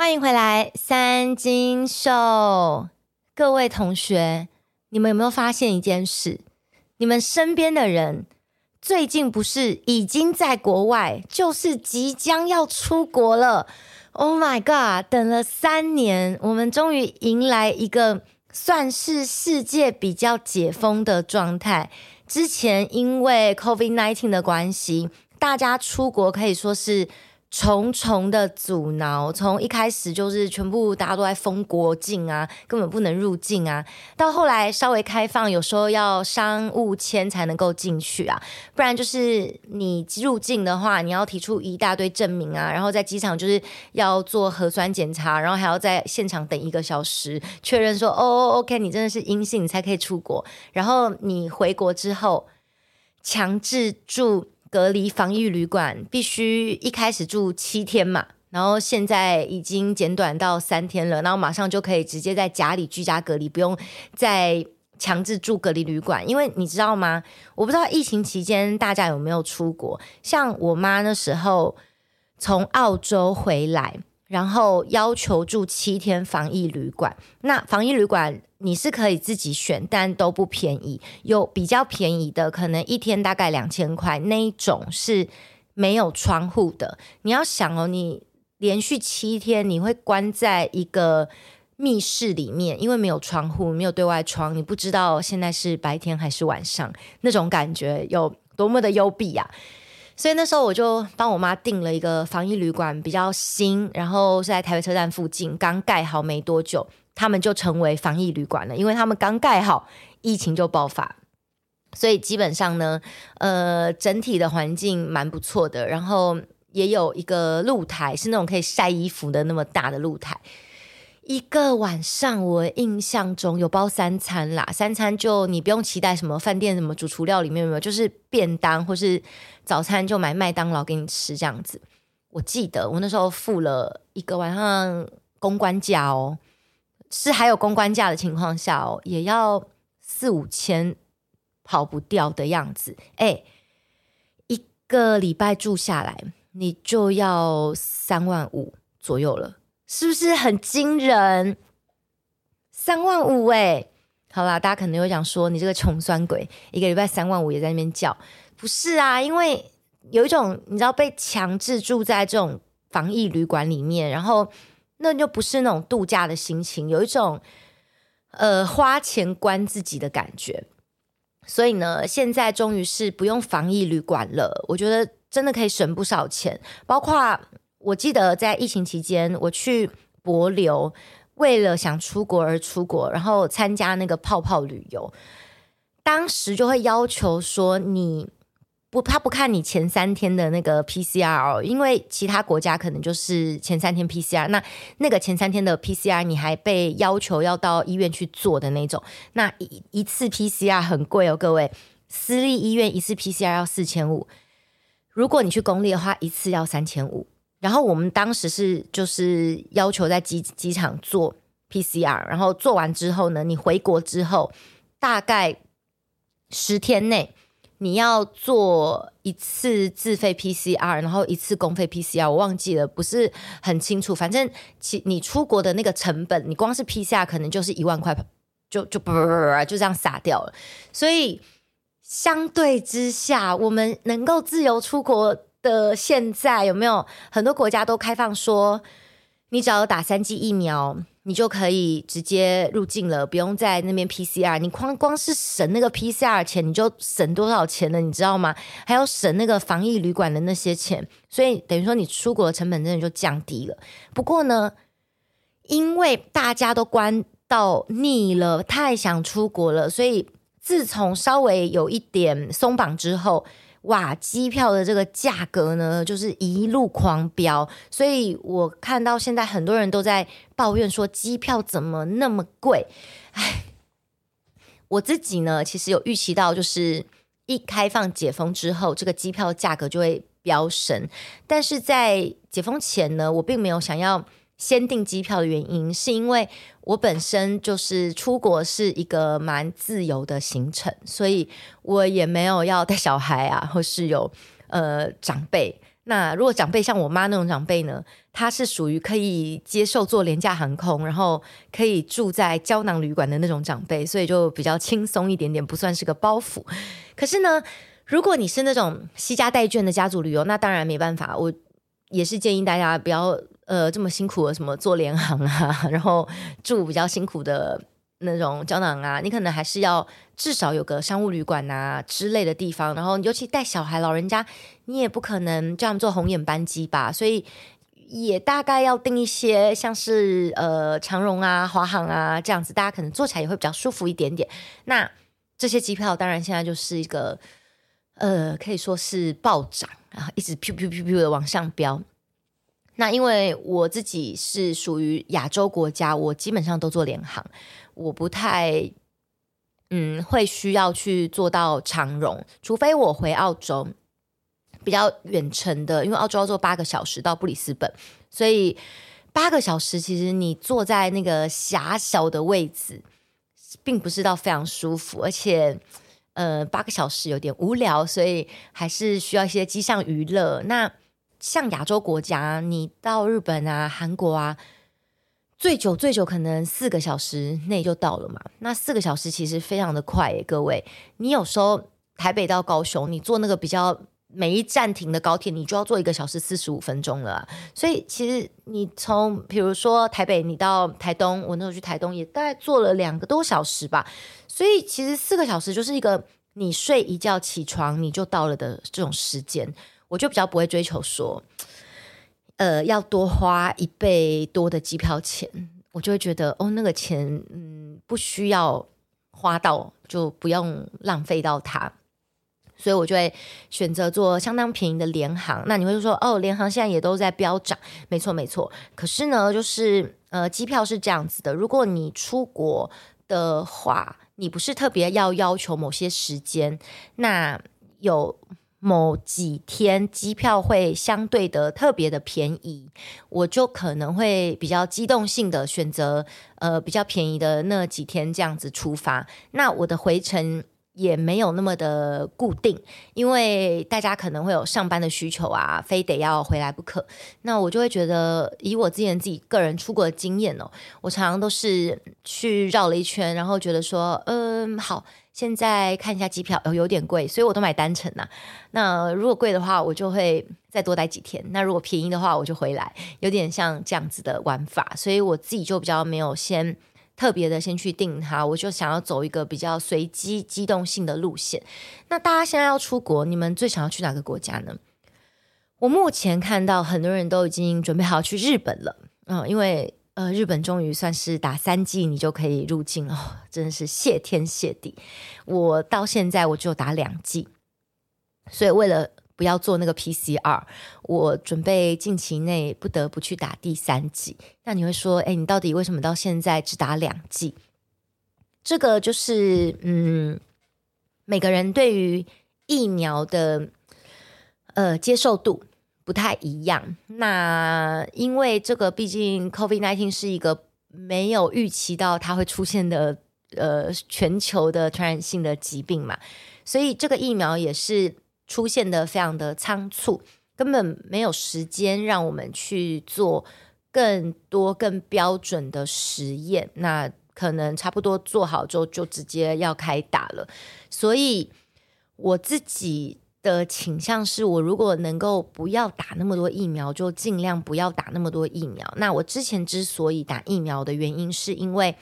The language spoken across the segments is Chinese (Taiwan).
歡迎回來，三金秀，各位同學，你們有沒有發現一件事？你們身邊的人最近不是已經在國外，就是即將要出國了。Oh my god！等了三年，我們終於迎來一個算是世界比較解封的狀態。之前因為 COVID-19 的關係，大家出國可以說是，重重的阻撓，從一開始就是全部大家都在封國境啊，根本不能入境啊。到後來稍微開放，有時候要商務簽才能夠進去啊，不然就是你入境的話，你要提出一大堆證明啊，然後在機場就是要做核酸檢查，然後還要在現場等一個小時，確認說哦哦 OK，你真的是陰性，你才可以出國。然後你回國之後，強制住。隔離防疫旅館必須一開始住七天嘛，然後現在已經減短到三天了，然後馬上就可以直接在家裡居家隔離，不用再強制住隔離旅館。因為你知道嗎？我不知道疫情期間大家有沒有出國，像我媽那時候從澳洲回來。然後要求住七天防疫旅館，那防疫旅館你是可以自己選，但都不便宜。有比較便宜的，可能一天大概兩千塊，那一種是沒有窗戶的。你要想哦，你連續七天你會關在一個密室裡面，因為沒有窗戶，沒有對外窗，你不知道現在是白天還是晚上，那種感覺有多麼的幽閉啊。所以那時候我就幫我媽訂了一個防疫旅館，比較新，然後是在台北車站附近，剛蓋好沒多久，他們就成為防疫旅館了，因為他們剛蓋好，疫情就爆發，所以基本上呢，呃，整體的環境蠻不錯的，然後也有一個露台，是那種可以曬衣服的那麼大的露台。一個晚上，我印象中有包三餐啦，三餐就你不用期待什麼飯店什麼主廚料裡面有沒有，就是便當或是早餐就買麥當勞給你吃這樣子。我記得我那時候付了一個晚上公關價哦，是還有公關價的情況下哦，也要四五千跑不掉的樣子。誒，一個禮拜住下來，你就要三萬五左右了。是不是很驚人？三萬五哎，好啦，大家可能又想說你這個窮酸鬼，一個禮拜三萬五也在那邊叫，不是啊？因為有一種你知道被強制住在這種防疫旅館裡面，然後那就不是那種度假的心情，有一種呃花錢關自己的感覺。所以呢，現在終於是不用防疫旅館了，我覺得真的可以省不少錢，包括。我記得在疫情期間，我去帛琉，為了想出國而出國，然後參加那個泡泡旅遊。當時就會要求說你不，他不看你前三天的那個 PCR 哦，因為其他國家可能就是前三天 PCR，那那個前三天的 PCR，你還被要求要到醫院去做的那種。那一一次 PCR 很貴哦，各位，私立醫院一次 PCR 要四千五，如果你去公立的話，一次要三千五。然後我們當時是就是要求在機機場做 PCR，然後做完之後呢，你回國之後大概十天內你要做一次自費 PCR，然後一次公費 PCR，我忘記了，不是很清楚。反正其你出國的那個成本，你光是 PCR 可能就是一萬塊，就就就，就這樣撒掉了。所以相對之下，我們能夠自由出國的現在有沒有很多國家都開放說，你只要打三劑疫苗，你就可以直接入境了，不用在那邊 PCR。你光光是省那個 PCR 錢，你就省多少錢了，你知道嗎？還要省那個防疫旅館的那些錢，所以等於說你出國的成本真的就降低了。不過呢，因為大家都關到膩了，太想出國了，所以自從稍微有一點鬆綁之後。哇，機票的這個價格呢，就是一路狂飆，所以我看到現在很多人都在抱怨說機票怎麼那麼貴。唉，我自己呢，其實有預期到，就是一開放解封之後，這個機票價格就會飆升，但是在解封前呢，我並沒有想要。先訂機票的原因，是因為我本身就是出國是一個蠻自由的行程，所以我也沒有要帶小孩啊，或是有呃長輩。那如果長輩像我媽那種長輩呢，他是屬於可以接受坐廉價航空，然後可以住在膠囊旅館的那種長輩，所以就比較輕鬆一點點，不算是個包袱。可是呢，如果你是那種攜家帶眷的家族旅遊，那當然沒辦法。我也是建議大家不要。呃，這麼辛苦的什麼坐聯航啊，然後住比較辛苦的那種膠囊啊，你可能還是要至少有個商務旅館啊之類的地方。然後尤其帶小孩、老人家，你也不可能這樣坐紅眼班機吧？所以也大概要訂一些像是呃長榮啊、華航啊這樣子，大家可能坐起來也會比較舒服一點點。那這些機票當然現在就是一個呃，可以說是暴漲，然後一直噗噗噗噗的往上飆。那因為我自己是屬於亞洲國家，我基本上都坐廉航，我不太嗯會需要去坐到長榮，除非我回澳洲比較遠程的，因為澳洲要坐八個小時到布里斯本，所以八個小時其實你坐在那個狹小的位置，並不是到非常舒服，而且呃八個小時有點無聊，所以還是需要一些機上娛樂。那像亞洲國家，你到日本啊、韓國啊，最久最久可能四個小時內就到了嘛。那四個小時其實非常的快誒，各位。你有時候台北到高雄，你坐那個比較每一站停的高鐵，你就要坐一個小時四十五分鐘了啊。所以其實你從比如說台北你到台東，我那時候去台東也大概坐了兩個多小時吧。所以其實四個小時就是一個你睡一覺起床你就到了的這種時間。我就比較不會追求說，呃，要多花一倍多的機票錢，我就會覺得哦，那個錢嗯不需要花到，就不用浪費到它，所以我就會選擇坐相當便宜的廉航。那你會說哦，廉航現在也都在飆漲，沒錯沒錯。可是呢，就是呃，機票是這樣子的，如果你出國的話，你不是特別要要求某些時間，那有。某幾天機票會相對的特別的便宜，我就可能會比較機動性的選擇，呃，比較便宜的那幾天這樣子出發。那我的回程也沒有那麼的固定，因為大家可能會有上班的需求啊，非得要回來不可。那我就會覺得，以我之前自己個人出國的經驗哦，我常常都是去繞了一圈，然後覺得說，嗯，好。現在看一下機票，哦，有點貴，所以我都買單程呢。那如果貴的話，我就會再多待幾天；那如果便宜的話，我就回來。有點像這樣子的玩法，所以我自己就比較沒有先特別的先去定它，我就想要走一個比較隨機機動性的路線。那大家現在要出國，你們最想要去哪個國家呢？我目前看到很多人都已經準備好去日本了，嗯，因為。呃，日本終於算是打三劑你就可以入境了，真的是謝天謝地！我到現在我就打兩劑，所以為了不要做那個 PCR，我準備近期內不得不去打第三劑。那你會說，哎，你到底為什麼到現在只打兩劑？這個就是，嗯，每個人對於疫苗的呃接受度。不太一樣，那因為這個畢竟 COVID-19 是一個沒有預期到它會出現的，呃，全球的傳染性的疾病嘛，所以這個疫苗也是出現的非常的倉促，根本沒有時間讓我們去做更多更標準的實驗。那可能差不多做好之後，就直接要開打了。所以我自己的傾向是我如果能夠不要打那麼多疫苗，就盡量不要打那麼多疫苗。那我之前之所以打疫苗的原因，是因為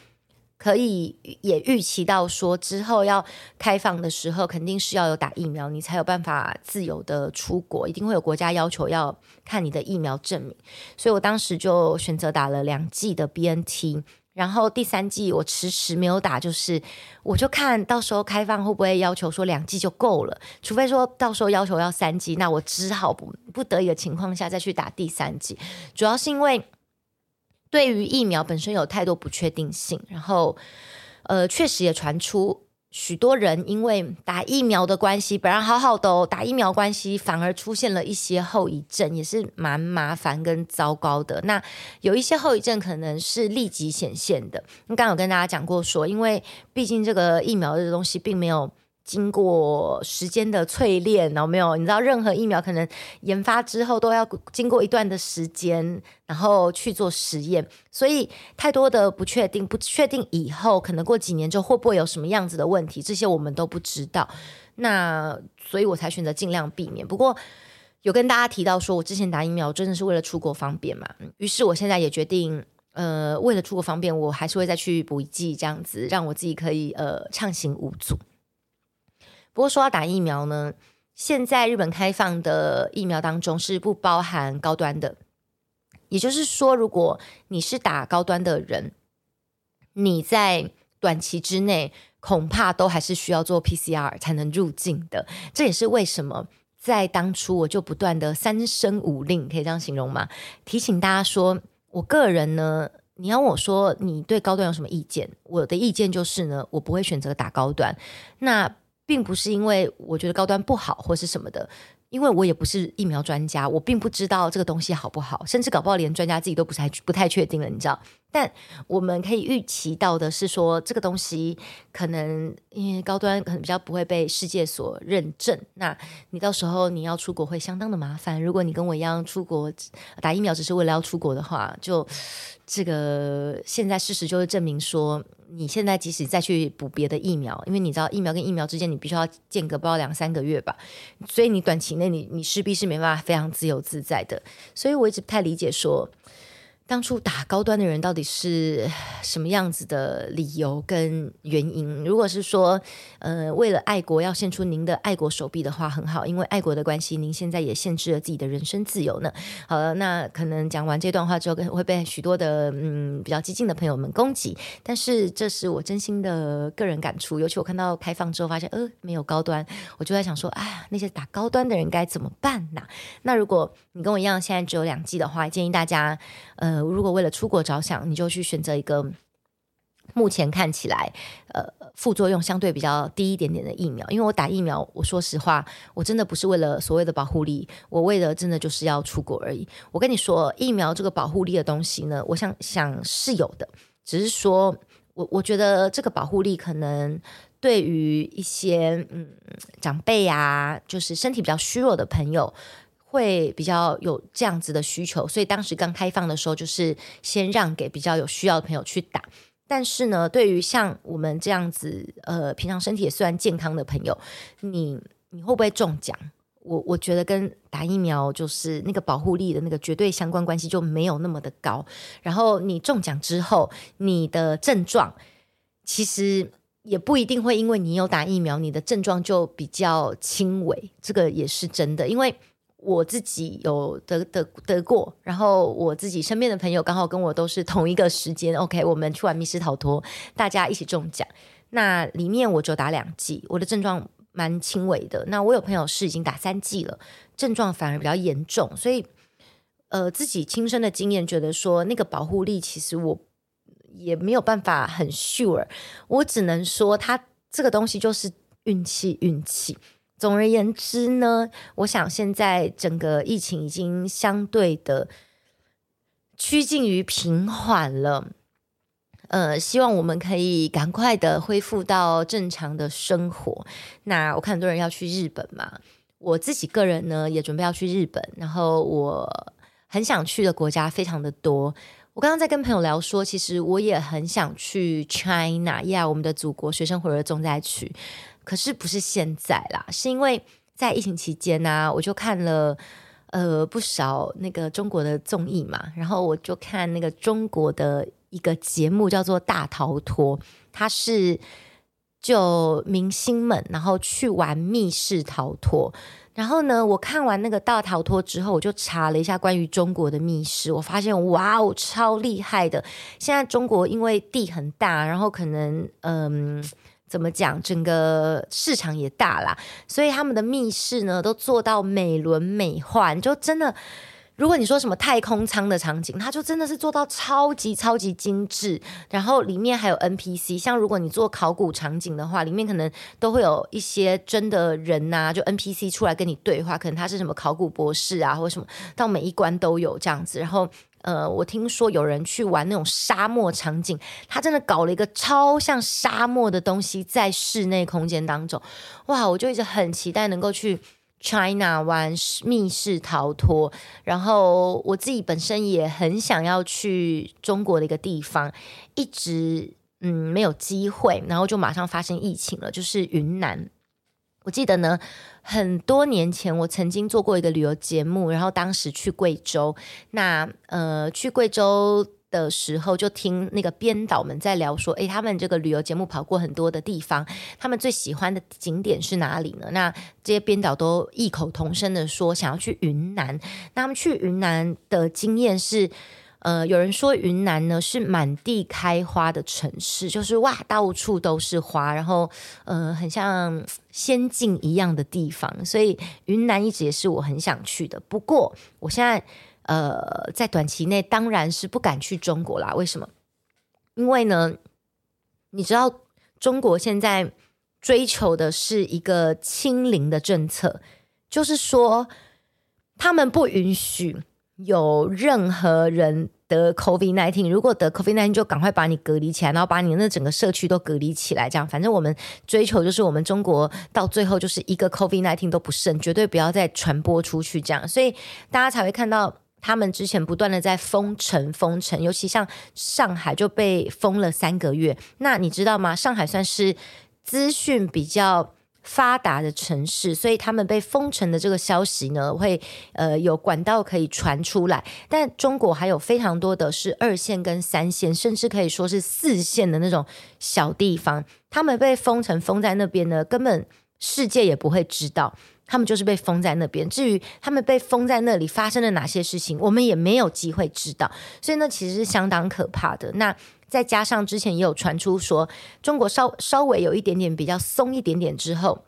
可以也預期到說之後要開放的時候，肯定是要有打疫苗，你才有辦法自由的出國，一定會有國家要求要看你的疫苗證明。所以我當時就選擇打了兩劑的 BNT。然後第三劑我遲遲沒有打，就是我就看到時候開放會不會要求說兩劑就夠了，除非說到時候要求要三劑，那我只好不不得已的情況下再去打第三劑。主要是因為對於疫苗本身有太多不確定性，然後呃確實也傳出。許多人因為打疫苗的關係，本來好好的，哦，打疫苗關係反而出現了一些後遺症，也是蠻麻煩跟糟糕的。那有一些後遺症可能是立即顯現的。剛剛有跟大家講過說，因為畢竟這個疫苗這個東西並沒有。經過時間的淬煉，然後沒有？你知道，任何疫苗可能研發之後都要經過一段的時間，然後去做實驗。所以太多的不確定，不確定以後可能過幾年之後會不會有什麼樣子的問題，這些我們都不知道。那所以我才選擇盡量避免。不過有跟大家提到說，我之前打疫苗真的是為了出國方便嘛。於是我現在也決定，呃，為了出國方便，我還是會再去補一劑，這樣子讓我自己可以呃暢行無阻。不過說到打疫苗呢，現在日本開放的疫苗當中是不包含高端的，也就是說，如果你是打高端的人，你在短期之內恐怕都還是需要做 PCR 才能入境的。這也是為什麼在當初我就不斷的三申五令，可以這樣形容嗎？提醒大家說，我個人呢，你要問我說你對高端有什麼意見？我的意見就是呢，我不會選擇打高端。那並不是因為我覺得高端不好或是什麼的，因為我也不是疫苗專家，我並不知道這個東西好不好，甚至搞不好連專家自己都不太不太確定了，你知道？但我們可以預期到的是說，說這個東西可能因為高端可能比較不會被世界所認證，那你到時候你要出國會相當的麻煩。如果你跟我一樣出國打疫苗只是為了要出國的話，就這個現在事實就是證明說。你現在即使再去補別的疫苗，因為你知道疫苗跟疫苗之間你必須要間隔，不到兩三個月吧，所以你短期內你你勢必是沒辦法非常自由自在的。所以我一直不太理解說。當初打高端的人到底是什麼樣子的理由跟原因？如果是說，呃，為了愛國要獻出您的愛國手臂的話，很好，因為愛國的關係，您現在也限制了自己的人身自由呢。好了，那可能講完這段話之後，會被許多的嗯比較激進的朋友們攻擊。但是這是我真心的個人感觸，尤其我看到開放之後，發現呃沒有高端，我就在想說，啊那些打高端的人該怎麼辦呢？啊？那如果你跟我一樣現在只有兩劑的話，建議大家，呃。呃，如果為了出國着想你就去選擇一個目前看起來呃副作用相對比較低一點點的疫苗。因為我打疫苗，我說實話，我真的不是為了所謂的保護力，我為了真的就是要出國而已。我跟你說，疫苗這個保護力的東西呢，我想想是有的，只是說我我覺得這個保護力可能對於一些嗯長輩啊，就是身體比較虛弱的朋友。會比較有這樣子的需求，所以當時剛開放的時候，就是先讓給比較有需要的朋友去打。但是呢，對於像我們這樣子，呃，平常身體也算健康的朋友，你你會不會中獎？我我覺得跟打疫苗就是那個保護力的那個絕對相關關係就沒有那麼的高。然後你中獎之後，你的症狀其實也不一定會因為你有打疫苗，你的症狀就比較輕微，這個也是真的，因為。我自己有得得得過，然後我自己身邊的朋友剛好跟我都是同一個時間，OK，我們去玩密室逃脫，大家一起中獎。那裡面我就打兩劑，我的症狀蠻輕微的。那我有朋友是已經打三劑了，症狀反而比較嚴重。所以，呃，自己親身的經驗覺得說，那個保護力其實我也沒有辦法很 sure，我只能說它，它這個東西就是運氣，運氣。總而言之呢，我想現在整個疫情已經相對的趨近於平緩了。呃，希望我們可以趕快的恢復到正常的生活。那我看很多人要去日本嘛，我自己個人呢也準備要去日本，然後我很想去的國家非常的多。我剛剛在跟朋友聊說，其實我也很想去 China，呀，yeah，我們的祖國，學生活的重災區。可是不是現在啦，是因為在疫情期間呢、啊，我就看了呃不少那個中國的綜藝嘛，然後我就看那個中國的一個節目叫做《大逃脫》，它是就明星們然後去玩密室逃脫。然後呢，我看完那個《大逃脫》之後，我就查了一下關於中國的密室，我發現哇哦，超厲害的！現在中國因為地很大，然後可能嗯。呃怎麼講，整個市場也大啦。所以他們的密室呢，都做到美輪美奐，就真的，如果你說什麼太空艙的場景，它就真的是做到超級超級精緻。然後裡面還有 NPC。像如果你做考古場景的話，裡面可能都會有一些真的人吶、啊，就 NPC 出來跟你對話，可能他是什麼考古博士啊，或什麼，到每一關都有這樣子，然後。呃，我聽說有人去玩那種沙漠場景，他真的搞了一個超像沙漠的東西在室內空間當中，哇！我就一直很期待能夠去 China 玩密室逃脫，然後我自己本身也很想要去中國的一個地方，一直嗯沒有機會，然後就馬上發生疫情了，就是雲南，我記得呢。很多年前，我曾經做過一個旅遊節目，然後當時去貴州，那呃去貴州的時候，就聽那個編導們在聊說，誒，他們這個旅遊節目跑過很多的地方，他們最喜歡的景點是哪裡呢？那這些編導都異口同聲的說，想要去雲南。那他們去雲南的經驗是。呃，有人說雲南呢是滿地開花的城市，就是哇，到處都是花，然後呃，很像仙境一樣的地方，所以雲南一直也是我很想去的。不過我現在呃，在短期內當然是不敢去中國啦。為什麼？因為呢，你知道中國現在追求的是一個清零的政策，就是說他們不允許有任何人。得 COVID-19，如果得 COVID-19，就趕快把你隔離起來，然後把你那整個社區都隔離起來，這樣。反正我們追求就是，我們中國到最後就是一個 COVID-19 都不剩，絕對不要再傳播出去，這樣。所以大家才會看到他們之前不斷的在封城、封城，尤其像上海就被封了三個月。那你知道嗎？上海算是資訊比較。發達的城市，所以他們被封城的這個消息呢，會呃有管道可以傳出來。但中國還有非常多的是二線跟三線，甚至可以說是四線的那種小地方，他們被封城封在那邊呢，根本世界也不會知道，他們就是被封在那邊。至於他們被封在那裡發生了哪些事情，我們也沒有機會知道。所以那其實是相當可怕的。那。再加上之前也有傳出說，中國稍稍微有一點點比較鬆一點點之後，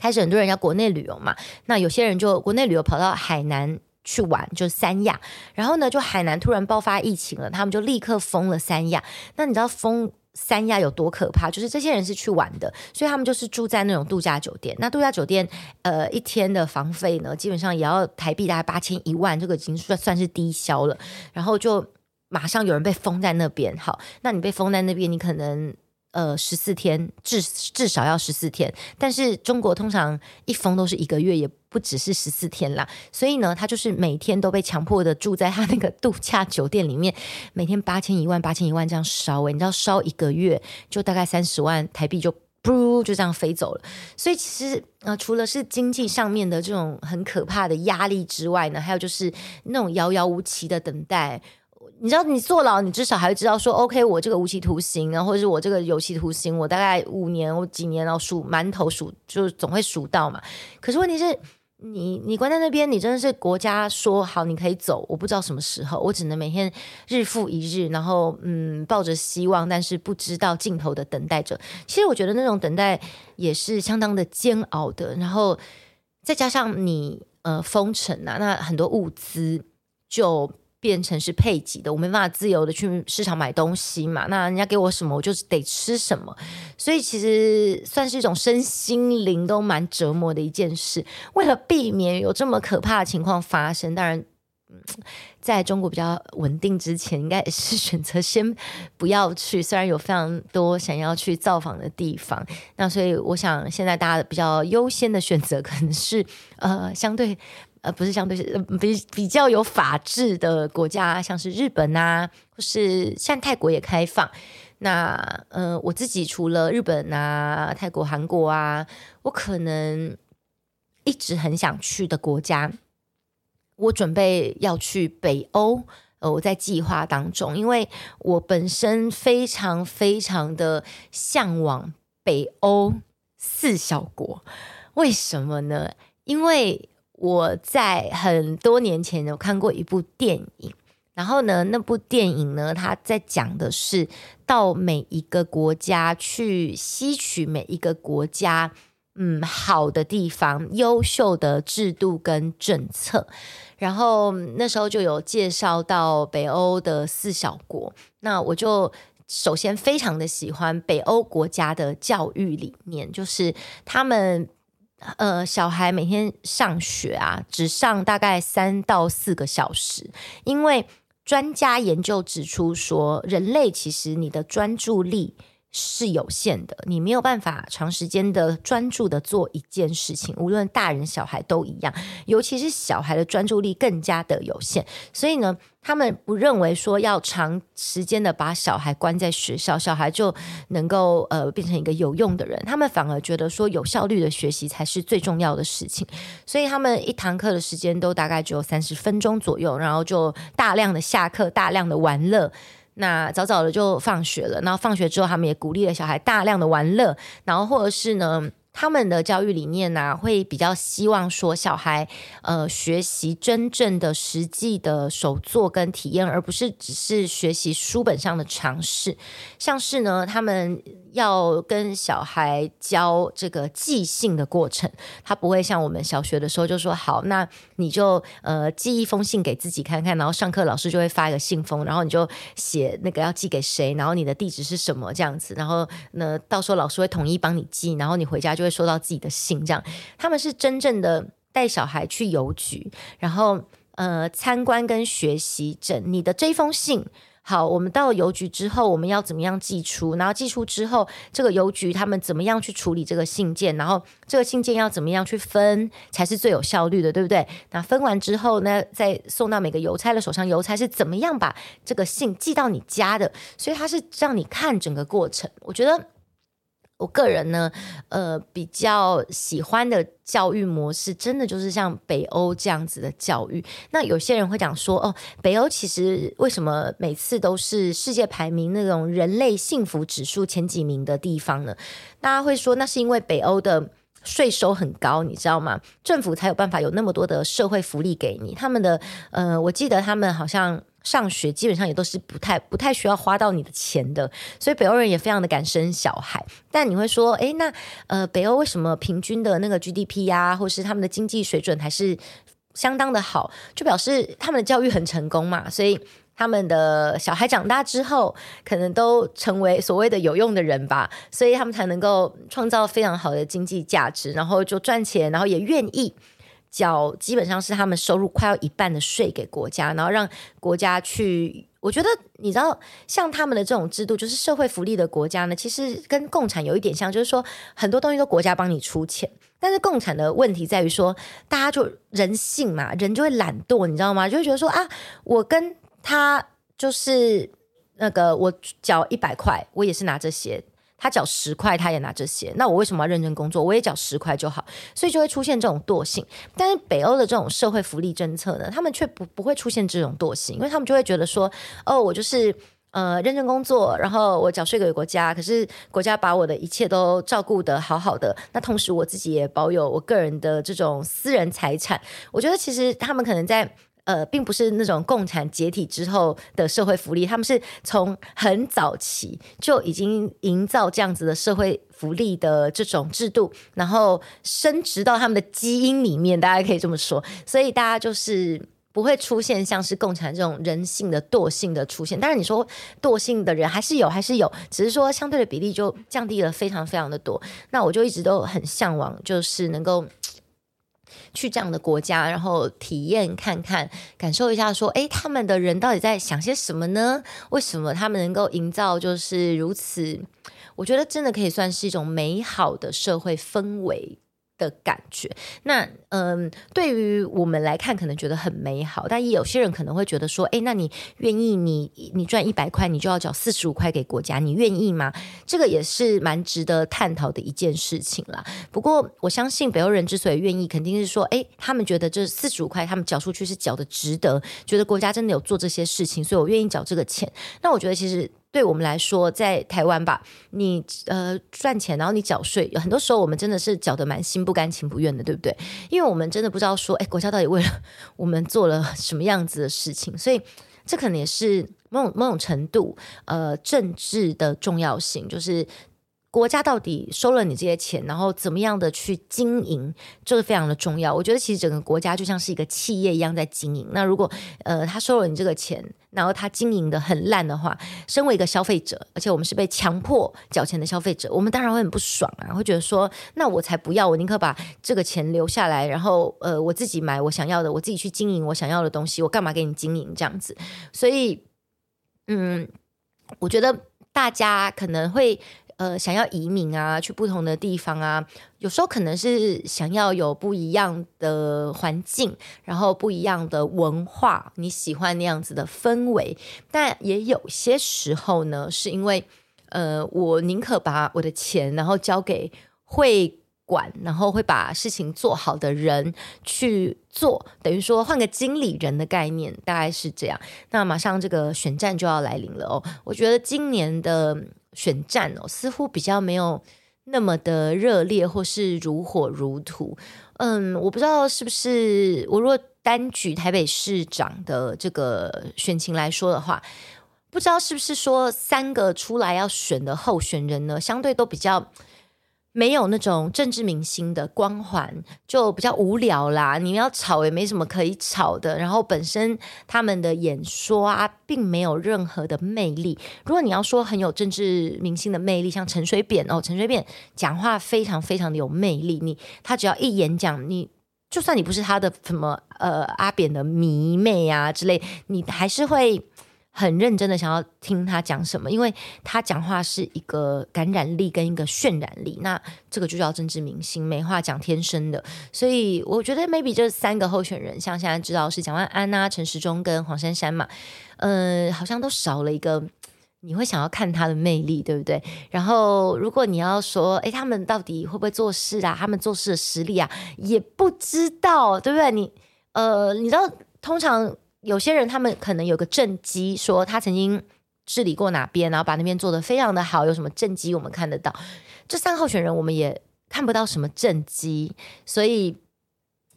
開始很多人要國內旅遊嘛，那有些人就國內旅遊跑到海南去玩，就三亞，然後呢就海南突然爆發疫情了，他們就立刻封了三亞。那你知道封三亞有多可怕？就是這些人是去玩的，所以他們就是住在那種度假酒店。那度假酒店，呃，一天的房費呢，基本上也要台幣大概八千一萬，這個已經算算是低消了。然後就。馬上有人被封在那邊，好，那你被封在那邊，你可能呃十四天，至至少要十四天。但是中國通常一封都是一個月，也不只是十四天啦。所以呢，他就是每天都被強迫的住在他那個度假酒店裡面，每天八千一萬八千一萬這樣燒、欸，誒，你知道燒一個月就大概三十萬台幣，就噗就這樣飛走了。所以其實啊、呃，除了是經濟上面的這種很可怕的壓力之外呢，還有就是那種遙遙無期的等待。你知道，你坐牢，你至少還知道說，OK，我這個無期徒刑，然後是我這個有期徒刑，我大概五年，我幾年，然後數饅頭數，就總會數到嘛。可是問題是，你你關在那邊，你真的是國家說好你可以走，我不知道什麼時候，我只能每天日復一日，然後嗯，抱着希望，但是不知道盡頭的等待着。其實我覺得那種等待也是相當的煎熬的。然後再加上你呃封城啊，那很多物資就。變成是配給的，我沒辦法自由的去市場買東西嘛。那人家給我什麼，我就得吃什麼。所以其實算是一種身心靈都蠻折磨的一件事。為了避免有這麼可怕的情況發生，當然在中國比較穩定之前，應該也是選擇先不要去。雖然有非常多想要去造訪的地方，那所以我想現在大家比較優先的選擇可能是呃相對。呃，不是相對是，呃、比比較有法治的國家，像是日本啊，或是像泰國也開放。那呃，我自己除了日本啊、泰國、韓國啊，我可能一直很想去的國家，我準備要去北歐。呃，我在計劃當中，因為我本身非常非常的向往北歐四小國。為什麼呢？因為我在很多年前有看過一部電影，然後呢，那部電影呢，它在講的是到每一個國家去吸取每一個國家嗯好的地方、優秀的制度跟政策。然後那時候就有介紹到北歐的四小國，那我就首先非常的喜歡北歐國家的教育理念，就是他們。呃，小孩每天上學啊，只上大概三到四個小時，因為專家研究指出說，人類其實你的專注力是有限的，你沒有辦法長時間的專注的做一件事情，無論大人小孩都一樣，尤其是小孩的專注力更加的有限。所以呢，他們不認為說要長時間的把小孩關在學校，小孩就能夠呃變成一個有用的人。他們反而覺得說有效率的學習才是最重要的事情。所以他們一堂課的時間都大概只有三十分鐘左右，然後就大量的下課，大量的玩樂。那早早的就放學了，然後放學之後，他們也鼓勵了小孩大量的玩樂，然後或者是呢，他們的教育理念呢，啊，會比較希望說小孩呃學習真正的實際的手作跟體驗，而不是只是學習書本上的常識。像是呢，他們要跟小孩教這個寄信的過程，他不會像我們小學的時候就說好，那你就呃寄一封信給自己看看，然後上課老師就會發一個信封，然後你就寫那個要寄給誰，然後你的地址是什麼這樣子，然後呢，到時候老師會統一幫你寄，然後你回家。就會收到自己的信，這樣，他們是真正的帶小孩去郵局，然後呃參觀跟學習整你的這封信。好，我們到郵局之後，我們要怎麼樣寄出？然後寄出之後，這個郵局他們怎麼樣去處理這個信件？然後這個信件要怎麼樣去分才是最有效率的，對不對？那分完之後呢，再送到每個郵差的手上，郵差是怎麼樣把這個信寄到你家的？所以他是讓你看整個過程，我覺得。我個人呢，呃，比較喜歡的教育模式，真的就是像北歐這樣子的教育。那有些人會講說，哦，北歐其實為什麼每次都是世界排名那種人類幸福指數前幾名的地方呢？大家會說，那是因為北歐的稅收很高，你知道嗎？政府才有辦法有那麼多的社會福利給你。他們的，呃，我記得他們好像。上學基本上也都是不太不太需要花到你的錢的，所以北歐人也非常的敢生小孩。但你會說，誒，那呃，北歐為什麼平均的那個 GDP 呀，或是他們的經濟水準還是相當的好，就表示他們的教育很成功嘛？所以他們的小孩長大之後，可能都成為所謂的有用的人吧，所以他們才能夠創造非常好的經濟價值，然後就賺錢，然後也願意。繳基本上是他們收入快要一半的稅給國家，然後讓國家去。我覺得你知道，像他們的這種制度，就是社會福利的國家呢，其實跟共產有一點像，就是說很多東西都國家幫你出錢。但是共產的問題在於說，大家就人性嘛，人就會懶惰，你知道嗎？就會覺得說啊，我跟他就是那個我繳一百塊，我也是拿這些。他繳十塊，他也拿這些。那我為什麼要認真工作？我也繳十塊就好，所以就會出現這種惰性。但是北歐的這種社會福利政策呢，他們卻不不會出現這種惰性，因為他們就會覺得說，哦，我就是呃認真工作，然後我繳稅給國家，可是國家把我的一切都照顧得好好的。那同時我自己也保有我個人的這種私人財產。我覺得其實他們可能在。呃，並不是那種共產解體之後的社會福利，他們是從很早期就已經營造這樣子的社會福利的這種制度，然後深植到他們的基因裡面，大家可以這麼說。所以大家就是不會出現像是共產這種人性的惰性的出現。當然，你說惰性的人還是有，還是有，只是說相對的比例就降低了非常非常的多。那我就一直都很向往，就是能夠。去這樣的國家，然後體驗看看，感受一下，說，哎，他們的人到底在想些什麼呢？為什麼他們能夠營造就是如此？我覺得真的可以算是一種美好的社會氛圍。的感覺，那嗯，對於我們來看，可能覺得很美好，但也有些人可能會覺得說，誒，那你願意你，你你賺一百塊，你就要繳四十五塊給國家，你願意嗎？這個也是蠻值得探討的一件事情啦。不過我相信北歐人之所以願意，肯定是說，誒，他們覺得這四十五塊他們繳出去是繳的值得，覺得國家真的有做這些事情，所以我願意繳這個錢。那我覺得其實。對我們來說，在台灣吧，你呃賺錢，然後你繳稅，有很多時候我們真的是繳得蠻心不甘情不願的，對不對？因為我們真的不知道說，哎，國家到底為了我們做了什麼樣子的事情，所以這可能也是某種某種程度，呃，政治的重要性，就是。國家到底收了你這些錢，然後怎麼樣的去經營，這個非常的重要。我覺得其實整個國家就像是一個企業一樣在經營。那如果呃他收了你這個錢，然後他經營得很爛的話，身為一個消費者，而且我們是被強迫繳錢的消費者，我們當然會很不爽啊，會覺得說，那我才不要，我寧可把這個錢留下來，然後呃我自己買我想要的，我自己去經營我想要的東西，我幹嘛給你經營這樣子？所以，嗯，我覺得大家可能會。呃，想要移民啊，去不同的地方啊，有時候可能是想要有不一樣的環境，然後不一樣的文化，你喜歡那樣子的氛圍。但也有些時候呢，是因為，呃，我寧可把我的錢，然後交給會管，然後會把事情做好的人去做，等於說換個經理人的概念，大概是這樣。那馬上這個選戰就要來臨了哦，我覺得今年的。選戰哦，似乎比較沒有那麼的熱烈或是如火如荼。嗯，我不知道是不是我，如果單舉台北市長的這個選情來說的話，不知道是不是說三個出來要選的候選人呢，相對都比較。沒有那種政治明星的光環，就比較無聊啦。你們要吵也沒什麼可以吵的。然後本身他們的演說啊，並沒有任何的魅力。如果你要說很有政治明星的魅力，像陳水扁哦，陳水扁講話非常非常的有魅力。你他只要一演講，你就算你不是他的什麼呃阿扁的迷妹啊之類，你還是會。很認真的想要聽他講什麼，因為他講話是一個感染力跟一個渲染力，那這個就叫政治明星，沒話講，天生的。所以我覺得 maybe 這三個候選人，像現在知道是蔣萬安啊、陳時中跟黃珊珊嘛，呃，好像都少了一個，你會想要看他的魅力，對不對？然後如果你要說，哎、欸，他們到底會不會做事啊？他們做事的實力啊，也不知道，對不對？你呃，你知道通常。有些人他們可能有個政績，說他曾經治理過哪邊，然後把那邊做得非常的好。有什麼政績我們看得到？這三號選人我們也看不到什麼政績，所以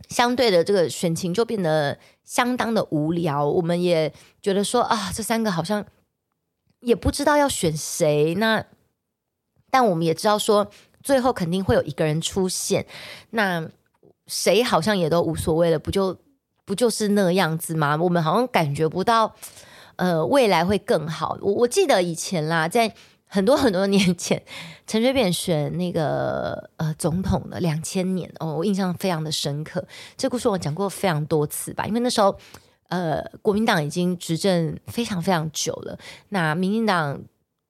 相對的這個選情就變得相當的無聊。我們也覺得說啊，這三個好像也不知道要選誰。那但我們也知道說，最後肯定會有一個人出現。那誰好像也都無所謂了，不就？不就是那樣子嗎？我們好像感覺不到，呃，未來會更好。我我記得以前啦，在很多很多年前，陳水扁選那個呃總統的兩千年哦，我印象非常的深刻。這故事我講過非常多次吧，因為那時候呃國民黨已經執政非常非常久了，那民進黨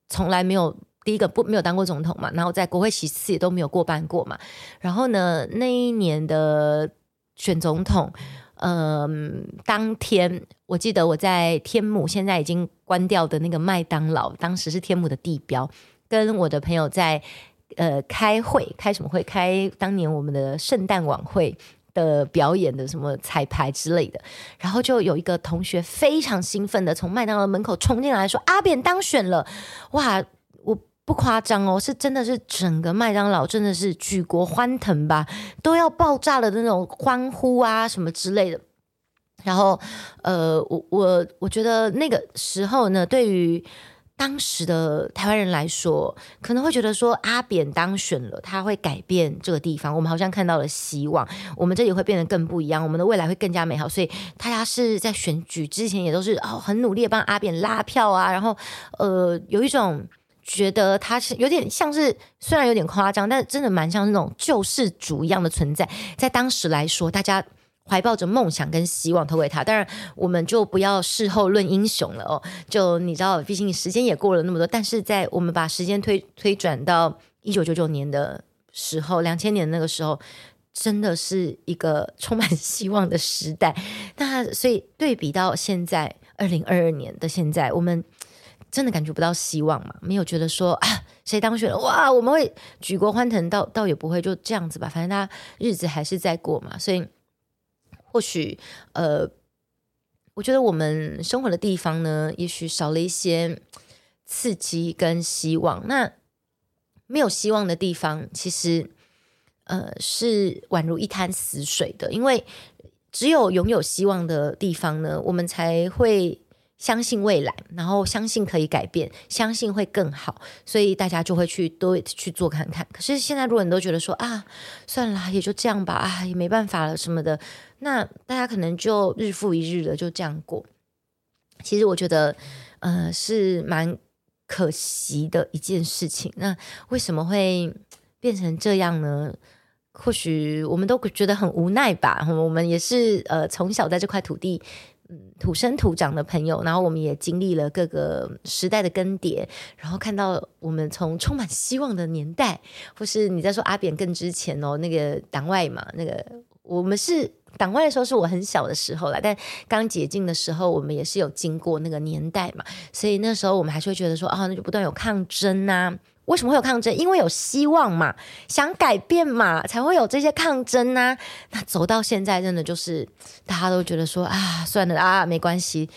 從來沒有第一個不沒有當過總統嘛，然後在國會席次也都沒有過半過嘛，然後呢，那一年的選總統。嗯、呃，當天我記得我在天母，現在已經關掉的那個麥當勞，當時是天母的地標，跟我的朋友在呃開會，開什麼會？開當年我們的聖誕晚會的表演的什麼彩排之類的。然後就有一個同學非常興奮的從麥當勞門口衝進來，說：“阿扁當選了，哇！”不誇張哦，是真的是整個麥當勞真的是舉國歡騰吧，都要爆炸的那種歡呼啊什麼之類的。然後，呃，我我我覺得那個時候呢，對於當時的台灣人來說，可能會覺得說阿扁當選了，他會改變這個地方，我們好像看到了希望，我們這裡會變得更不一樣，我們的未來會更加美好。所以大家是在選舉之前也都是哦很努力的幫阿扁拉票啊，然後呃有一種。覺得他是有點像是，雖然有點誇張，但真的蠻像是那種救世主一樣的存在。在當時來說，大家懷抱着夢想跟希望投給他。當然，我們就不要事後論英雄了哦。就你知道，畢竟時間也過了那麼多。但是在我們把時間推推轉到一九九九年的時候，兩千年那個時候，真的是一個充滿希望的時代。那所以對比到現在，二零二二年的現在，我們。真的感覺不到希望嘛？沒有覺得說啊，誰當選了？哇，我們會舉國歡騰，倒倒也不會就這樣子吧？反正大家日子還是在過嘛。所以或許呃，我覺得我們生活的地方呢，也許少了一些刺激跟希望。那沒有希望的地方，其實呃是宛如一潭死水的，因為只有擁有希望的地方呢，我們才會。相信未來，然後相信可以改變，相信會更好，所以大家就會去多去做看看。可是現在，如果你都覺得說啊，算了，也就這樣吧，啊、也沒辦法了什麼的，那大家可能就日復一日的就這樣過。其實我覺得，呃，是蠻可惜的一件事情。那為什麼會變成這樣呢？或許我們都覺得很無奈吧。我們也是，呃，從小在這塊土地。嗯，土生土長的朋友，然後我們也經歷了各個時代的更迭，然後看到我們從充滿希望的年代，或是你在說阿扁更之前哦，那個黨外嘛，那個我們是黨外的時候，是我很小的時候啦，但剛解禁的時候，我們也是有經過那個年代嘛，所以那時候我們還是會覺得說，哦，那就不斷有抗爭吶、啊。為什麼會有抗爭？因為有希望嘛，想改變嘛，才會有這些抗爭啊，那走到現在，真的就是大家都覺得說啊，算了啊，沒關係，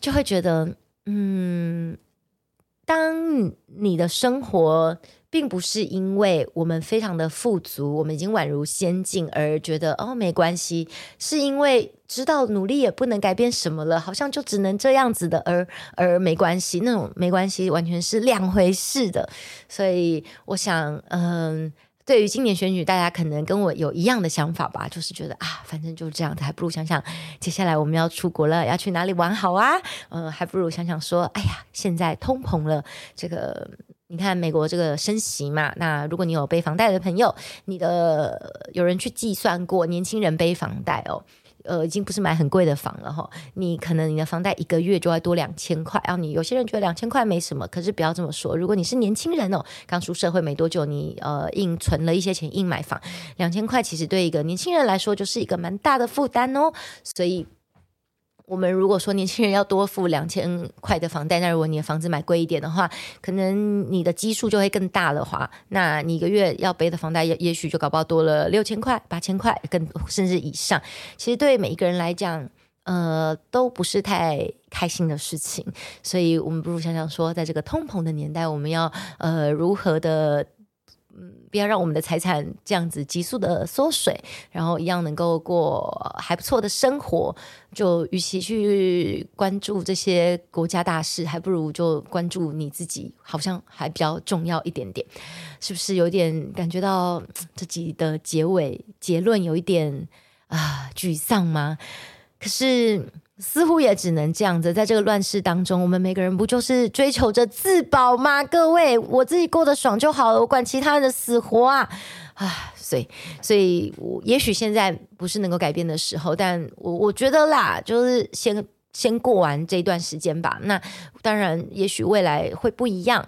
就會覺得，嗯，當你的生活。並不是因為我們非常的富足，我們已經宛如仙境而覺得哦，沒關係，是因為知道努力也不能改變什麼了，好像就只能這樣子的，而而沒關係那種沒關係完全是兩回事的。所以我想，嗯、呃，對於今年選舉，大家可能跟我有一樣的想法吧，就是覺得啊，反正就是這樣的，還不如想想接下來我們要出國了，要去哪裡玩好啊？嗯、呃，還不如想想說，哎呀，現在通膨了，這個。你看美國這個升息嘛，那如果你有背房貸的朋友，你的有人去計算過，年輕人背房貸哦，呃，已經不是買很貴的房了哈、哦，你可能你的房貸一個月就要多兩千塊啊。你有些人覺得兩千塊沒什麼，可是不要這麼說，如果你是年輕人哦，剛出社會沒多久你，你呃硬存了一些錢硬買房，兩千塊其實對一個年輕人來說就是一個蠻大的負擔哦，所以。我們如果說年輕人要多付兩千塊的房貸，那如果你的房子買貴一點的話，可能你的基數就會更大的話，那你一個月要背的房貸也也許就搞不好多了六千塊、八千塊，更甚至以上。其實對每一個人來講，呃，都不是太開心的事情。所以，我們不如想想說，在這個通膨的年代，我們要呃如何的。嗯，不要讓我們的財產這樣子急速的縮水，然後一樣能夠過還不錯的生活。就與其去關注這些國家大事，還不如就關注你自己，好像還比較重要一點點。是不是有點感覺到自己的結尾結論有一點啊沮喪嗎？可是。似乎也只能這樣子，在這個亂世當中，我們每個人不就是追求着自保嗎？各位，我自己過得爽就好了，我管其他人的死活啊！啊，所以，所以，我也許現在不是能夠改變的時候，但我我覺得啦，就是先先過完這段時間吧。那當然，也許未來會不一樣，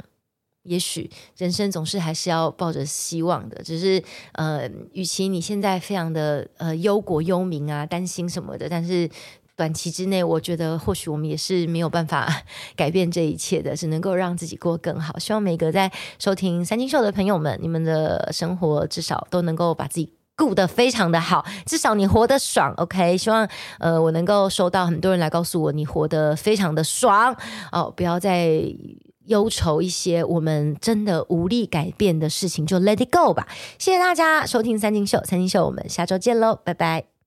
也許人生總是還是要抱着希望的。只是，呃，與其你現在非常的呃憂國憂民啊，擔心什麼的，但是。短期之內，我覺得或許我們也是沒有辦法改變這一切的，只能夠讓自己過更好。希望每個在收聽三金秀的朋友們，你們的生活至少都能夠把自己顧得非常的好，至少你活得爽，OK？希望呃，我能夠收到很多人來告訴我，你活得非常的爽。哦，不要再憂愁一些我們真的無力改變的事情，就 Let it go 吧。謝謝大家收聽三金秀，三金秀，我們下周見嘍，拜拜。